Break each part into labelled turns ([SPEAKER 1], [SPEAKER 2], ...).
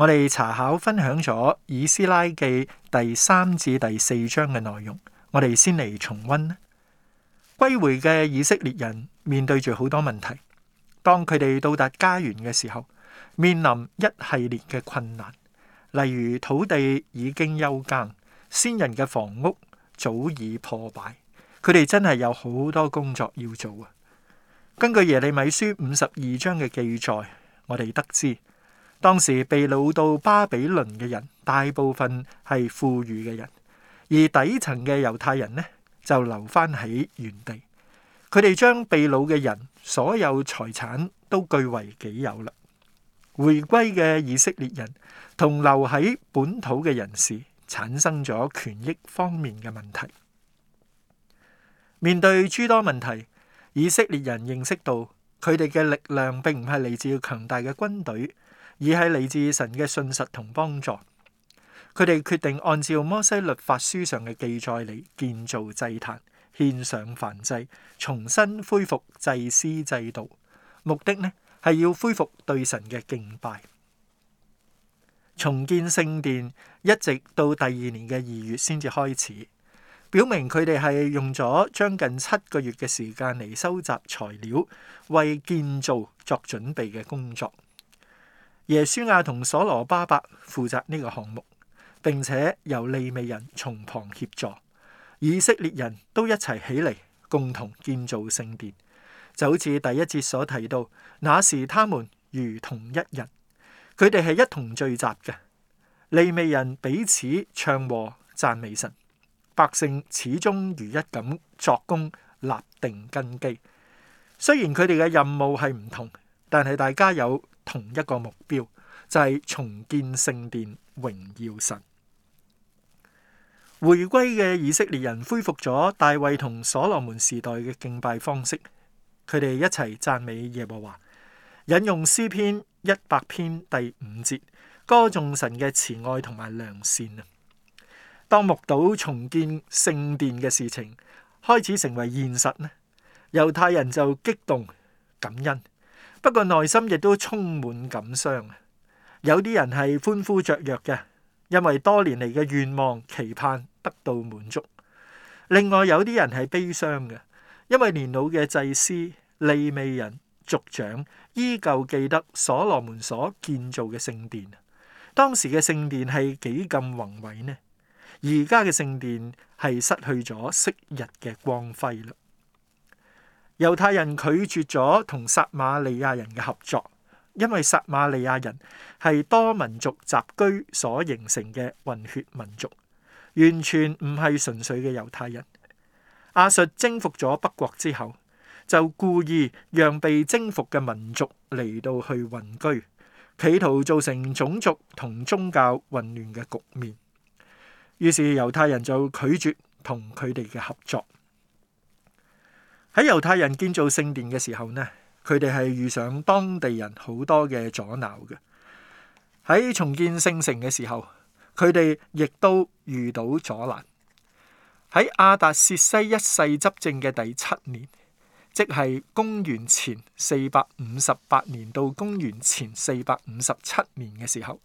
[SPEAKER 1] 我哋查考分享咗《以斯拉記》第三至第四章嘅內容，我哋先嚟重温。歸回嘅以色列人面對住好多問題。當佢哋到達家園嘅時候，面臨一系列嘅困難，例如土地已經休耕，先人嘅房屋早已破敗，佢哋真係有好多工作要做啊。根據耶利米書五十二章嘅記載，我哋得知。當時被擄到巴比倫嘅人，大部分係富裕嘅人，而底層嘅猶太人呢就留返喺原地。佢哋將被擄嘅人所有財產都據為己有啦。回歸嘅以色列人同留喺本土嘅人士產生咗權益方面嘅問題。面對諸多問題，以色列人認識到佢哋嘅力量並唔係嚟自強大嘅軍隊。以而係嚟自神嘅信實同幫助，佢哋決定按照摩西律法書上嘅記載嚟，建造祭壇、獻上燔祭、重新恢復祭司制度，目的呢係要恢復對神嘅敬拜。重建聖殿一直到第二年嘅二月先至開始，表明佢哋係用咗將近七個月嘅時間嚟收集材料，為建造作準備嘅工作。耶書亞同所羅巴伯負責呢個項目，並且由利未人從旁協助，以色列人都一齊起嚟，共同建造聖殿。就好似第一節所提到，那時他們如同一人，佢哋係一同聚集嘅。利未人彼此唱和讚美神，百姓始終如一咁作工立定根基。雖然佢哋嘅任務係唔同，但係大家有。同一個目標就係重建聖殿，榮耀神。回歸嘅以色列人恢復咗大衛同所羅門時代嘅敬拜方式，佢哋一齊讚美耶和華，引用詩篇一百篇第五節，歌頌神嘅慈愛同埋良善啊！當目睹重建聖殿嘅事情開始成為現實呢，猶太人就激動感恩。不過內心亦都充滿感傷。有啲人係歡呼雀躍嘅，因為多年嚟嘅願望、期盼得到滿足。另外有啲人係悲傷嘅，因為年老嘅祭司、利未人、族長，依舊記得所羅門所建造嘅聖殿。當時嘅聖殿係幾咁宏偉呢？而家嘅聖殿係失去咗昔日嘅光輝嘞。猶太人拒絕咗同撒瑪利亞人嘅合作，因為撒瑪利亞人係多民族集居所形成嘅混血民族，完全唔係純粹嘅猶太人。亞述征服咗北國之後，就故意讓被征服嘅民族嚟到去混居，企圖造成種族同宗教混亂嘅局面。於是猶太人就拒絕同佢哋嘅合作。喺猶太人建造聖殿嘅時候呢，佢哋係遇上當地人好多嘅阻撓嘅。喺重建聖城嘅時候，佢哋亦都遇到阻攔。喺亞達薛西一世執政嘅第七年，即係公元前四百五十八年到公元前四百五十七年嘅時候，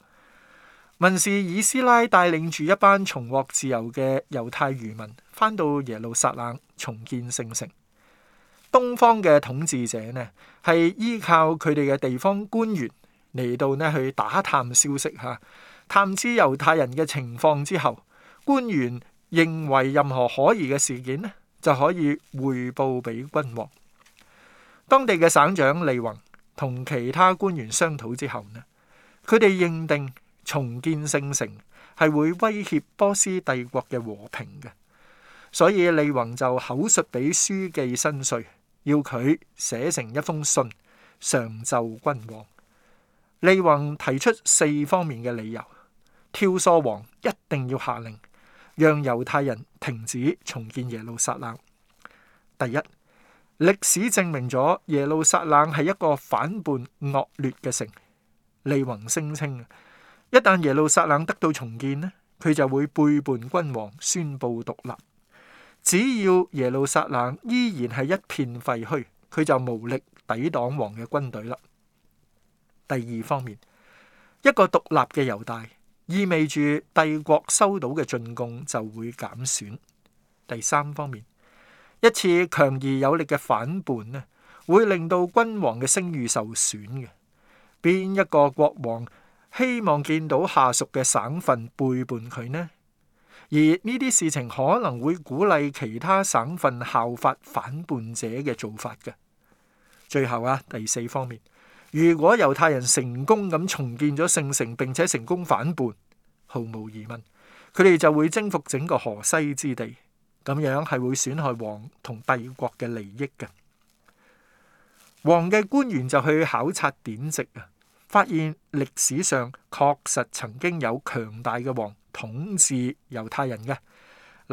[SPEAKER 1] 文士以斯拉帶領住一班重獲自由嘅猶太漁民，翻到耶路撒冷重建聖城。東方嘅統治者呢，係依靠佢哋嘅地方官員嚟到呢去打探消息嚇，探知猶太人嘅情況之後，官員認為任何可疑嘅事件呢就可以彙報俾君王。當地嘅省長利宏同其他官員商討之後呢，佢哋認定重建聖城係會威脅波斯帝國嘅和平嘅，所以利宏就口述俾書記伸帥。要佢寫成一封信上奏君王。利宏提出四方面嘅理由，挑唆王一定要下令讓猶太人停止重建耶路撒冷。第一，歷史證明咗耶路撒冷係一個反叛惡劣嘅城。利宏聲稱，一旦耶路撒冷得到重建呢，佢就會背叛君王，宣布獨立。只要耶路撒冷依然係一片廢墟，佢就無力抵擋王嘅軍隊啦。第二方面，一個獨立嘅猶大意味住帝國收到嘅進貢就會減損。第三方面，一次強而有力嘅反叛呢，會令到君王嘅聲譽受損嘅。邊一個國王希望見到下屬嘅省份背叛佢呢？而呢啲事情可能會鼓勵其他省份效法反叛者嘅做法嘅。最後啊，第四方面，如果猶太人成功咁重建咗聖城並且成功反叛，毫無疑問，佢哋就會征服整個河西之地。咁樣係會損害王同帝國嘅利益嘅。王嘅官員就去考察典籍啊，發現歷史上確實曾經有強大嘅王。統治猶太人嘅，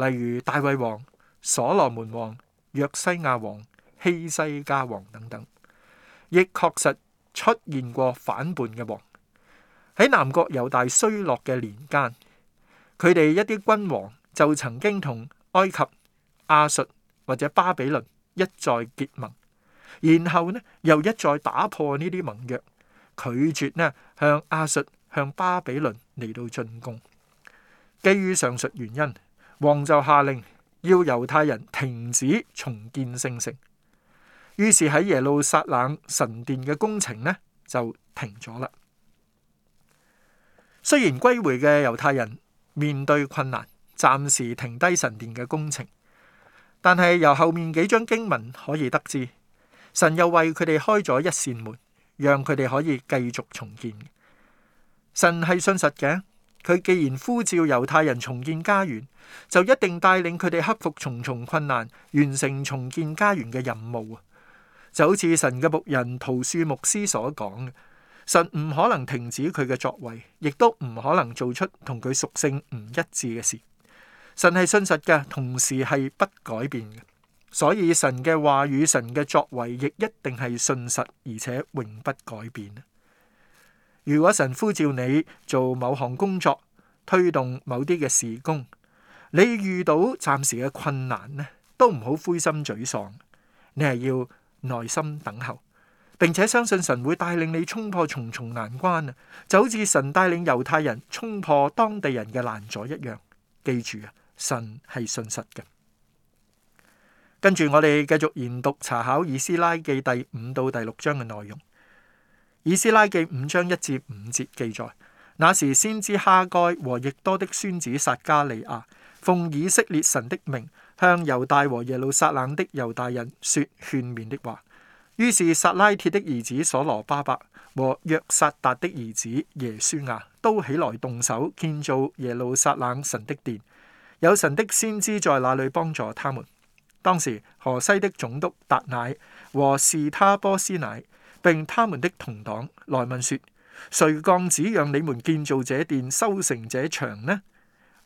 [SPEAKER 1] 例如大衛王、所羅門王、約西亞王、希西家王等等，亦確實出現過反叛嘅王。喺南國猶大衰落嘅年間，佢哋一啲君王就曾經同埃及、亞述或者巴比倫一再結盟，然後呢又一再打破呢啲盟約，拒絕呢向亞述向巴比倫嚟到進攻。基於上述原因，王就下令要猶太人停止重建聖城。於是喺耶路撒冷神殿嘅工程呢就停咗啦。雖然歸回嘅猶太人面對困難，暫時停低神殿嘅工程，但係由後面幾章經文可以得知，神又為佢哋開咗一扇門，讓佢哋可以繼續重建。神係信實嘅。佢既然呼召猶太人重建家園，就一定帶領佢哋克服重重困難，完成重建家園嘅任務啊！就好似神嘅僕人陶恕牧師所講嘅，神唔可能停止佢嘅作為，亦都唔可能做出同佢屬性唔一致嘅事。神係信實嘅，同時係不改變嘅，所以神嘅話與神嘅作為，亦一定係信實而且永不改變。如果神呼召你做某項工作，推動某啲嘅事工，你遇到暫時嘅困難呢，都唔好灰心沮喪，你係要耐心等候，並且相信神會帶領你衝破重重難關啊！就好似神帶領猶太人衝破當地人嘅攔阻一樣，記住啊，神係信實嘅。跟住我哋繼續研讀查考以斯拉記第五到第六章嘅內容。以斯拉記五章一至五節記載，那時先知哈該和亦多的孫子撒加利亞，奉以色列神的名，向猶大和耶路撒冷的猶大人說勸勉的話。於是撒拉鐵的兒子所羅巴伯，伯和約薩達的兒子耶舒亞，都起來動手建造耶路撒冷神的殿，有神的先知在那裏幫助他們。當時河西的總督達乃和士他波斯乃。並他們的同黨來問說：誰降旨讓你們建造這殿、修成這牆呢？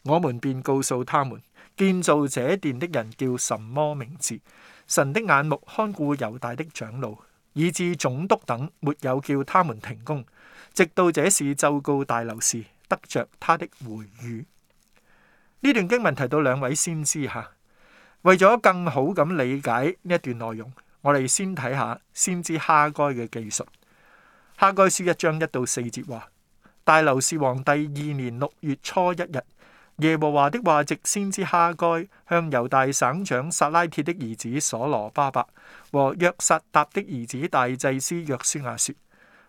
[SPEAKER 1] 我們便告訴他們，建造這殿的人叫什麼名字？神的眼目看顧猶大的長老，以致總督等沒有叫他們停工，直到這事奏告大流士，得着他的回諭。呢段經文提到兩位先知吓，為咗更好咁理解呢一段內容。我哋先睇下先知哈該嘅技術。哈該書一章一到四節話：大流士皇帝第二年六月初一日，耶和華的話藉先知哈該向猶大省長撒拉鐵的兒子索羅巴伯和約撒達的兒子大祭司約書亞說：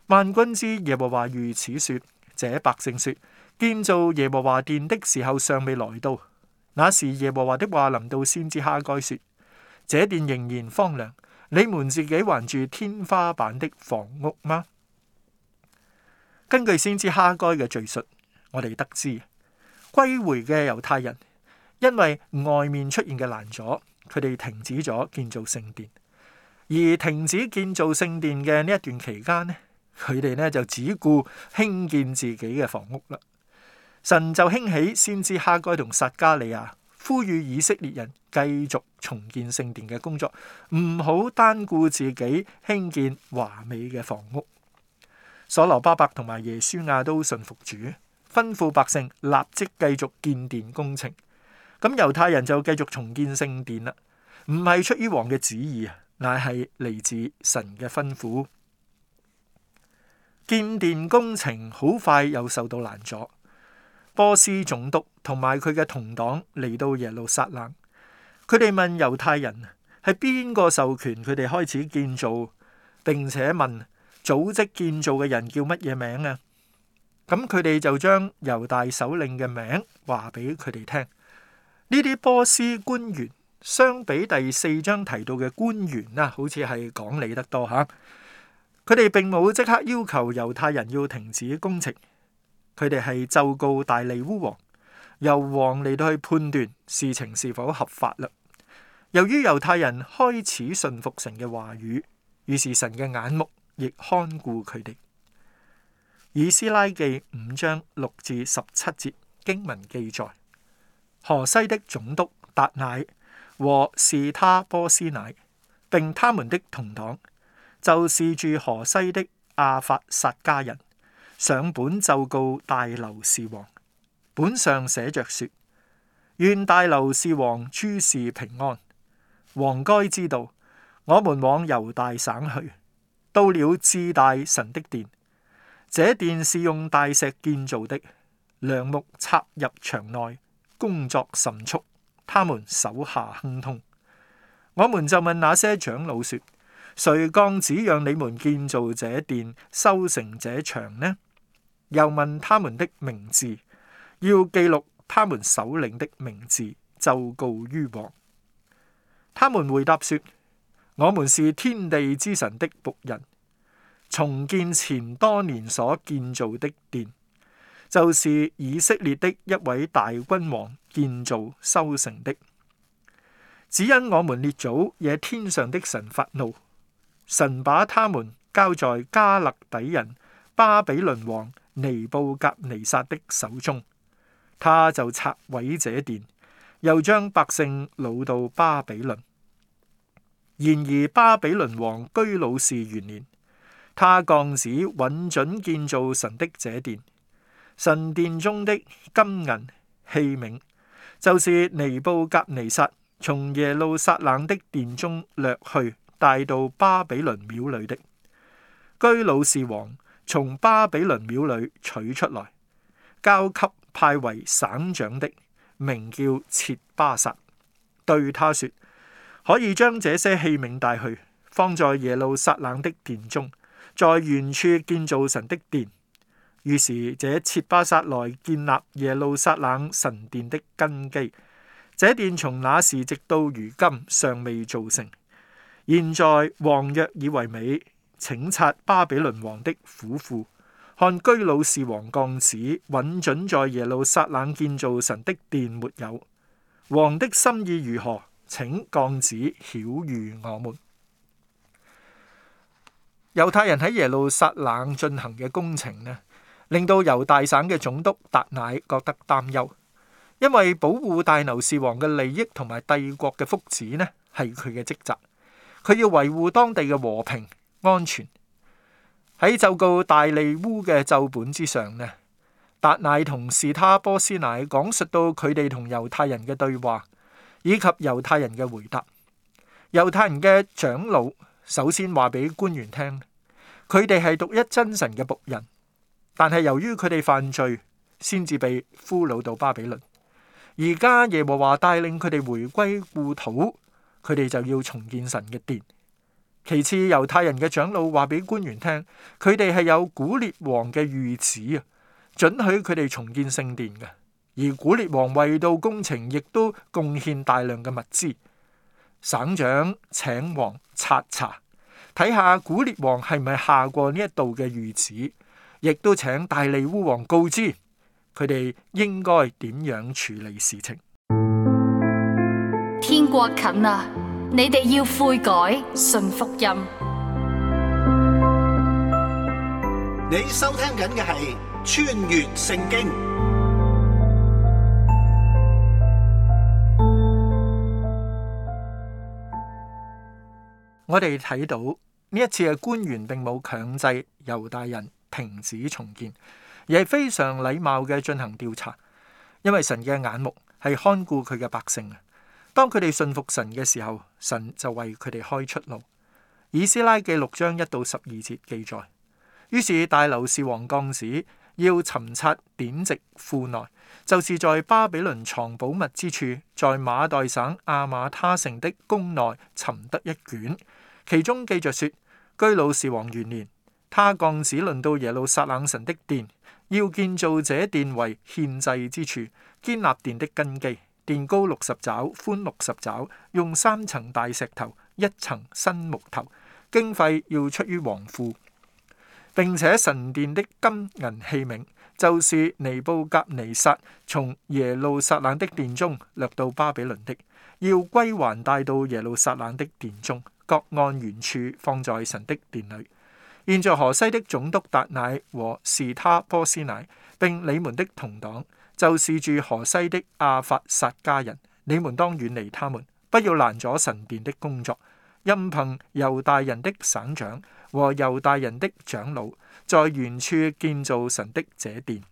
[SPEAKER 1] 萬軍之耶和華如此說：這百姓說，建造耶和華殿的時候尚未來到，那時耶和華的話臨到先知哈該說：這殿仍然荒涼。你們自己還住天花板的房屋嗎？根據先知哈該嘅敘述，我哋得知歸回嘅猶太人因為外面出現嘅攔阻，佢哋停止咗建造聖殿。而停止建造聖殿嘅呢一段期間呢，佢哋呢就只顧興建自己嘅房屋啦。神就興起先知哈該同撒迦利亞。呼籲以色列人繼續重建聖殿嘅工作，唔好單顧自己興建華美嘅房屋。所羅巴伯同埋耶書亞都信服主，吩咐百姓立即繼續建殿工程。咁猶太人就繼續重建聖殿啦，唔係出於王嘅旨意啊，乃係嚟自神嘅吩咐。建殿工程好快又受到攔阻。波斯總督同埋佢嘅同黨嚟到耶路撒冷，佢哋問猶太人係邊個授權佢哋開始建造，並且問組織建造嘅人叫乜嘢名啊？咁佢哋就將猶大首領嘅名話俾佢哋聽。呢啲波斯官員相比第四章提到嘅官員啊，好似係講理得多吓。佢哋並冇即刻要求猶太人要停止工程。佢哋係就告大利烏王，由王嚟到去判斷事情是否合法啦。由於猶太人開始信服神嘅話語，於是神嘅眼目亦看顧佢哋。以斯拉記五章六至十七節經文記載，河西的總督達乃和士他波斯乃並他們的同黨，就是住河西的亞法薩迦人。上本就告大流士王，本上寫着說：願大流士王諸事平安。王該知道，我們往猶大省去，到了至大神的殿，這殿是用大石建造的，梁木插入牆內，工作甚速。他們手下亨通。我們就問那些長老說：誰降旨讓你們建造這殿，修成這牆呢？又問他們的名字，要記錄他們首領的名字，奏告於王。他們回答說：我們是天地之神的僕人，重建前多年所建造的殿，就是以色列的一位大君王建造修成的。只因我們列祖惹天上的神發怒，神把他們交在迦勒底人、巴比倫王。尼布甲尼撒的手中，他就拆毀這殿，又將百姓擄到巴比倫。然而巴比倫王居魯士元年，他降旨允准建造神的這殿，神殿中的金銀器皿，就是尼布甲尼撒從耶路撒冷的殿中掠去帶到巴比倫廟裏的，居魯士王從巴比倫廟裏取出來，交給派為省長的，名叫切巴薩，對他說：可以將這些器皿帶去，放在耶路撒冷的殿中，在原處建造神的殿。於是這切巴薩來建立耶路撒冷神殿的根基。這殿從那時直到如今尚未造成。現在王若以為美。請察巴比倫王的府庫。看居魯士王降旨允准，在耶路撒冷建造神的殿沒有。王的心意如何？請降旨曉諭我們。猶太人喺耶路撒冷進行嘅工程呢，令到猶大省嘅總督達乃覺得擔憂，因為保護大流士王嘅利益同埋帝國嘅福祉呢，係佢嘅職責，佢要維護當地嘅和平。安全。喺就告大利烏嘅奏本之上呢，達乃同士他波斯乃講述到佢哋同猶太人嘅對話，以及猶太人嘅回答。猶太人嘅長老首先話俾官員聽，佢哋係獨一真神嘅僕人，但係由於佢哋犯罪，先至被俘虜到巴比倫。而家耶和華帶領佢哋回歸故土，佢哋就要重建神嘅殿。其次，猶太人嘅長老話俾官員聽，佢哋係有古列王嘅御旨啊，准許佢哋重建聖殿嘅。而古列王為到工程，亦都貢獻大量嘅物資。省長請王察查，睇下古列王係咪下過呢一道嘅御旨，亦都請大利烏王告知佢哋應該點樣處理事情。天國近啊！你哋要悔改，信福音。你收聽緊嘅係《穿越聖經》我。我哋睇到呢一次嘅官員並冇強制猶大人停止重建，而係非常禮貌嘅進行調查，因為神嘅眼目係看顧佢嘅百姓啊。當佢哋信服神嘅時候，神就為佢哋開出路。以斯拉記六章一到十二節記載，於是大流士王降旨要尋查典籍庫內，就是在巴比倫藏寶物之處，在馬代省阿瑪他城的宮內尋得一卷，其中記著說：居魯士王元年，他降旨輪到耶路撒冷神的殿，要建造者殿為獻祭之處，堅立殿的根基。殿高六十肘，寬六十肘，用三層大石頭，一層新木頭。經費要出於王庫，並且神殿的金銀器皿，就是尼布甲尼撒從耶路撒冷的殿中掠到巴比倫的，要歸還帶到耶路撒冷的殿中，各按原處放在神的殿裏。現在，在河西的總督達乃和士他波斯乃，並你們的同黨。就是住河西的亞法薩迦人，你們當遠離他們，不要攔阻神殿的工作。任憑猶大人的省長和猶大人的長老在原處建造神的這殿。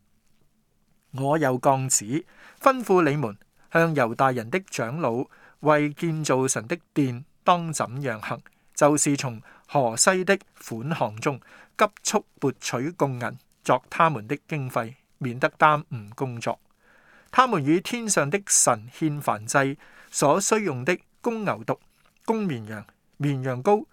[SPEAKER 1] 我又降旨吩咐你們，向猶大人的長老為建造神的殿當怎樣行，就是從河西的款項中急速撥取貢銀作他們的經費。免得耽誤工作。他們與天上的神獻燔祭所需用的公牛犢、公綿羊、綿羊羔，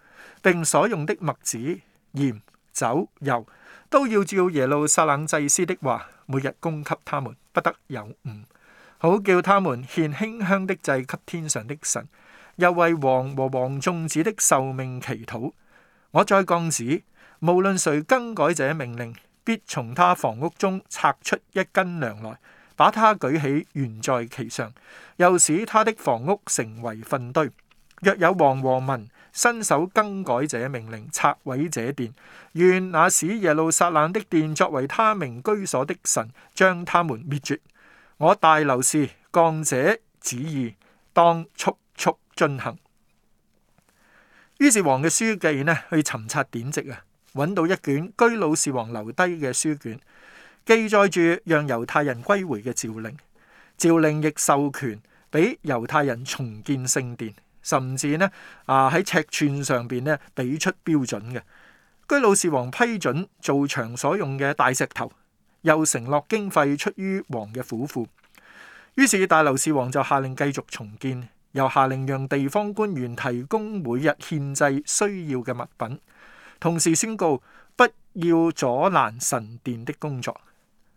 [SPEAKER 1] 並所用的麥子、鹽、酒、油，都要照耶路撒冷祭司的話，每日供給他們，不得有誤，好叫他們獻馨香的祭給天上的神，又為王和王眾子的壽命祈禱。我再降旨，無論誰更改這命令。必從他房屋中拆出一根梁來，把他舉起懸在其上，又使他的房屋成為糞堆。若有王和民伸手更改者命令，拆毀者殿。願那使耶路撒冷的殿作為他名居所的神，將他們滅絕。我大流士降者旨意，當速速進行。於是王嘅書記呢去尋查典籍啊。揾到一卷居魯士王留低嘅書卷，記載住讓猶太人歸回嘅召令，召令亦授權俾猶太人重建聖殿，甚至呢啊喺尺寸上邊呢俾出標準嘅。居魯士王批准造場所用嘅大石頭，又承諾經費出於王嘅府庫。於是大流士王就下令繼續重建，又下令讓地方官員提供每日獻祭需要嘅物品。同時宣告不要阻攔神殿的工作。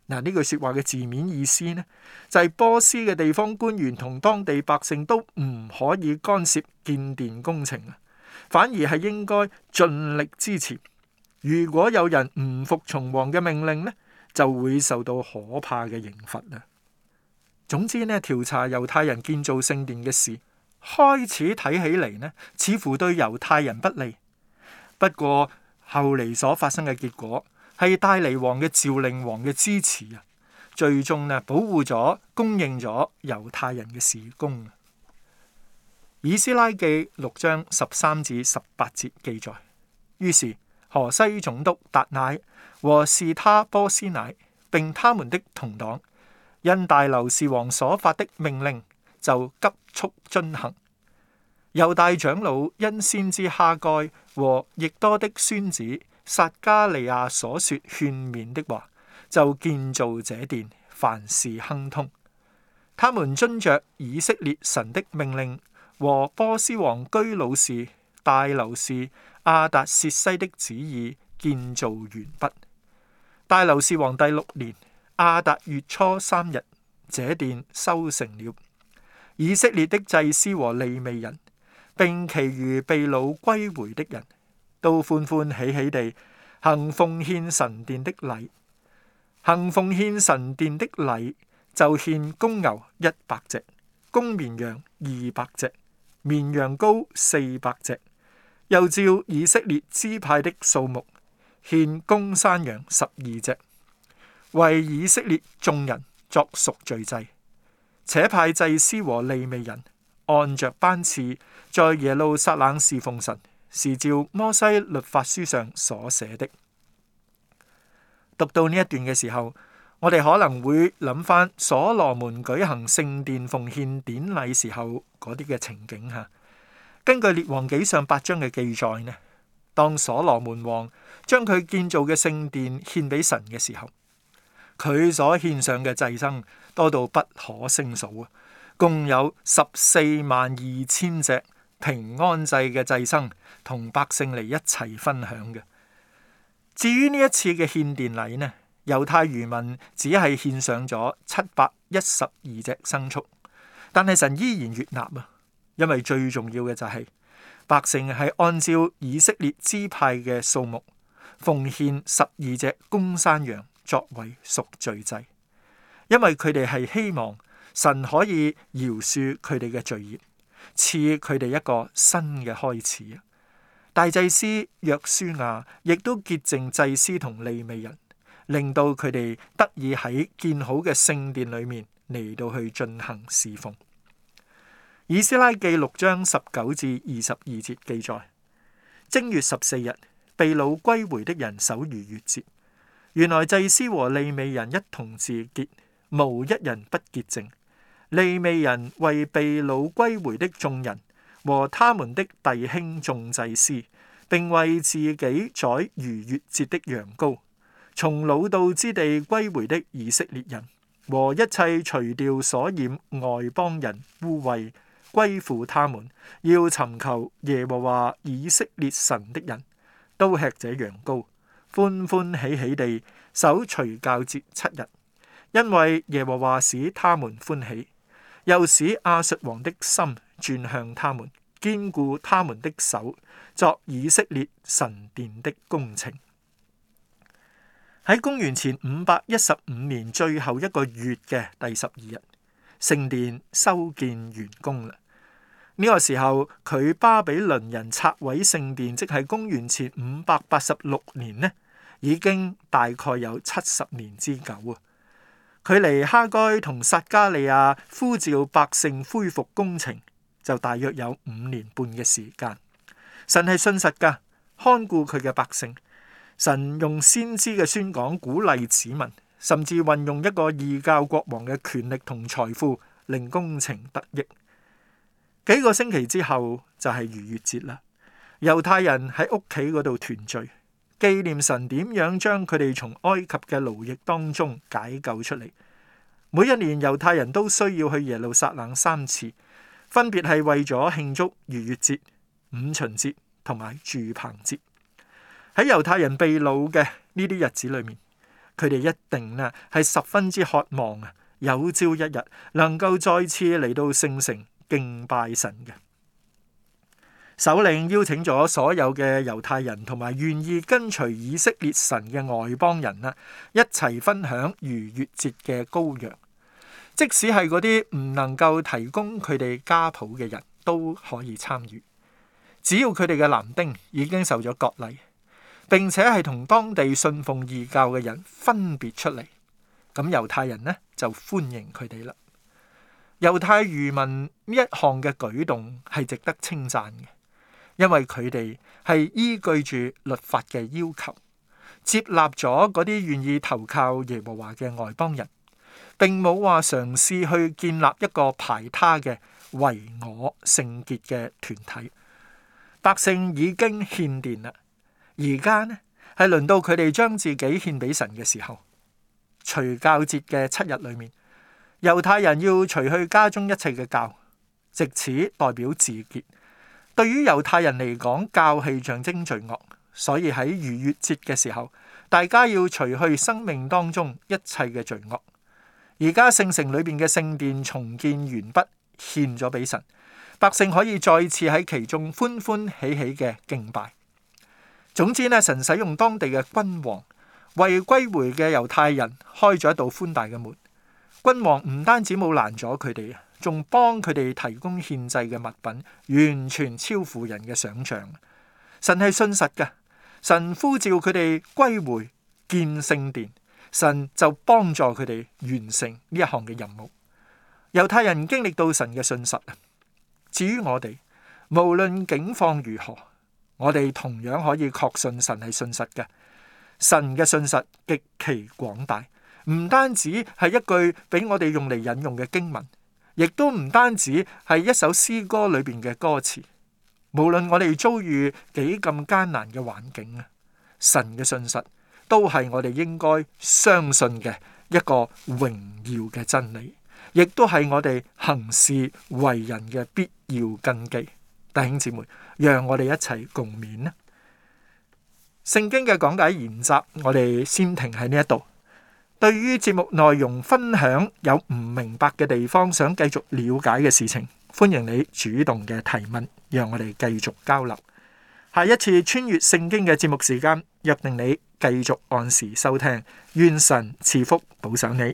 [SPEAKER 1] 嗱，呢句説話嘅字面意思呢，就係波斯嘅地方官員同當地百姓都唔可以干涉建殿工程啊，反而係應該盡力支持。如果有人唔服從王嘅命令呢，就會受到可怕嘅刑罰啊。總之呢，調查猶太人建造聖殿嘅事，開始睇起嚟呢，似乎對猶太人不利。不過後嚟所發生嘅結果係大利王嘅詔令、王嘅支持啊，最終呢，保護咗、供應咗猶太人嘅事工。以斯拉記六章十三至十八節記載，於是河西總督達乃和示他波斯乃並他們的同黨，因大流士王所發的命令，就急速進行。猶大長老因先知哈該和亦多的孫子撒迦利亞所說勸勉的話，就建造這殿，凡事亨通。他們遵着以色列神的命令和波斯王居魯士、大流士、亞達薛西的旨意建造完畢。大流士王第六年，亞達月初三日，這殿修成了。以色列的祭司和利未人。並其餘被擄歸回的人都歡歡喜喜地行奉獻神殿的禮，行奉獻神殿的禮就獻公牛一百隻，公綿羊二百隻，綿羊羔四百隻，又照以色列支派的數目獻公山羊十二隻，為以色列眾人作贖罪祭，且派祭司和利未人。按着班次，在耶路撒冷侍奉神，是照摩西律法書上所寫的。讀到呢一段嘅時候，我哋可能會諗翻所羅門舉行聖殿奉獻典禮時候嗰啲嘅情景吓。根據列王紀上八章嘅記載呢，當所羅門王將佢建造嘅聖殿獻俾神嘅時候，佢所獻上嘅祭牲多到不可勝數啊！共有十四萬二千隻平安祭嘅祭牲，同百姓嚟一齊分享嘅。至於呢一次嘅獻殿禮呢，猶太餘民只係獻上咗七百一十二隻牲畜，但係神依然悅納啊，因為最重要嘅就係、是、百姓係按照以色列支派嘅數目，奉獻十二隻公山羊作為贖罪祭，因為佢哋係希望。神可以饒恕佢哋嘅罪孽，賜佢哋一個新嘅開始。大祭司約書亞亦都潔淨祭司同利未人，令到佢哋得以喺建好嘅聖殿裏面嚟到去進行侍奉。以斯拉記六章十九至二十二節記載：正月十四日，被擄歸回的人守逾越節，原來祭司和利未人一同自潔，無一人不潔淨。利未人為被擄歸回的眾人和他們的弟兄眾祭司，並為自己宰逾越節的羊羔，從擄到之地歸回的以色列人和一切除掉所染外邦人污穢歸附他們，要尋求耶和華以色列神的人都吃這羊羔，歡歡喜喜地守除酵節七日，因為耶和華使他們歡喜。又使亞述王的心轉向他們，堅固他們的手，作以色列神殿的工程。喺公元前五百一十五年最後一個月嘅第十二日，聖殿修建完工啦。呢、這個時候佢巴比倫人拆毀聖殿，即係公元前五百八十六年呢，已經大概有七十年之久啊！距離哈該同撒加利亞呼召百姓恢復工程，就大約有五年半嘅時間。神係信實㗎，看顧佢嘅百姓。神用先知嘅宣講鼓勵子民，甚至運用一個異教國王嘅權力同財富，令工程得益。幾個星期之後，就係逾越節啦，猶太人喺屋企嗰度團聚。紀念神點樣將佢哋從埃及嘅奴役當中解救出嚟。每一年猶太人都需要去耶路撒冷三次，分別係為咗慶祝逾越節、五旬節同埋住棚節。喺猶太人被擄嘅呢啲日子裏面，佢哋一定啊係十分之渴望啊，有朝一日能夠再次嚟到聖城敬拜神嘅。首領邀請咗所有嘅猶太人同埋願意跟隨以色列神嘅外邦人啦，一齊分享逾越節嘅羔羊。即使係嗰啲唔能夠提供佢哋家譜嘅人都可以參與，只要佢哋嘅男丁已經受咗割禮，並且係同當地信奉異教嘅人分別出嚟，咁猶太人呢就歡迎佢哋啦。猶太漁民呢一項嘅舉動係值得稱讚嘅。因為佢哋係依據住律法嘅要求，接納咗嗰啲願意投靠耶和華嘅外邦人，並冇話嘗試去建立一個排他嘅唯我聖潔嘅團體。百姓已經獻殿啦，而家呢係輪到佢哋將自己獻俾神嘅時候。除酵節嘅七日裏面，猶太人要除去家中一切嘅酵，藉此代表自潔。對於猶太人嚟講，教氣象徵罪惡，所以喺逾越節嘅時候，大家要除去生命當中一切嘅罪惡。而家聖城裏邊嘅聖殿重建完畢，獻咗俾神，百姓可以再次喺其中歡歡喜喜嘅敬拜。總之呢，神使用當地嘅君王，為歸回嘅猶太人開咗一道寬大嘅門。君王唔單止冇攔阻佢哋仲幫佢哋提供獻祭嘅物品，完全超乎人嘅想象。神係信實嘅，神呼召佢哋歸回建聖殿，神就幫助佢哋完成呢一項嘅任務。猶太人經歷到神嘅信實。至於我哋，無論境況如何，我哋同樣可以確信神係信實嘅。神嘅信實極其廣大，唔單止係一句俾我哋用嚟引用嘅經文。亦都唔單止係一首詩歌裏邊嘅歌詞，無論我哋遭遇幾咁艱難嘅環境啊，神嘅信實都係我哋應該相信嘅一個榮耀嘅真理，亦都係我哋行事為人嘅必要根基。弟兄姊妹，讓我哋一齊共勉啦！聖經嘅講解研習，我哋先停喺呢一度。對於節目內容分享有唔明白嘅地方，想繼續了解嘅事情，歡迎你主動嘅提問，讓我哋繼續交流。下一次穿越聖經嘅節目時間，約定你繼續按時收聽，願神賜福保賞你。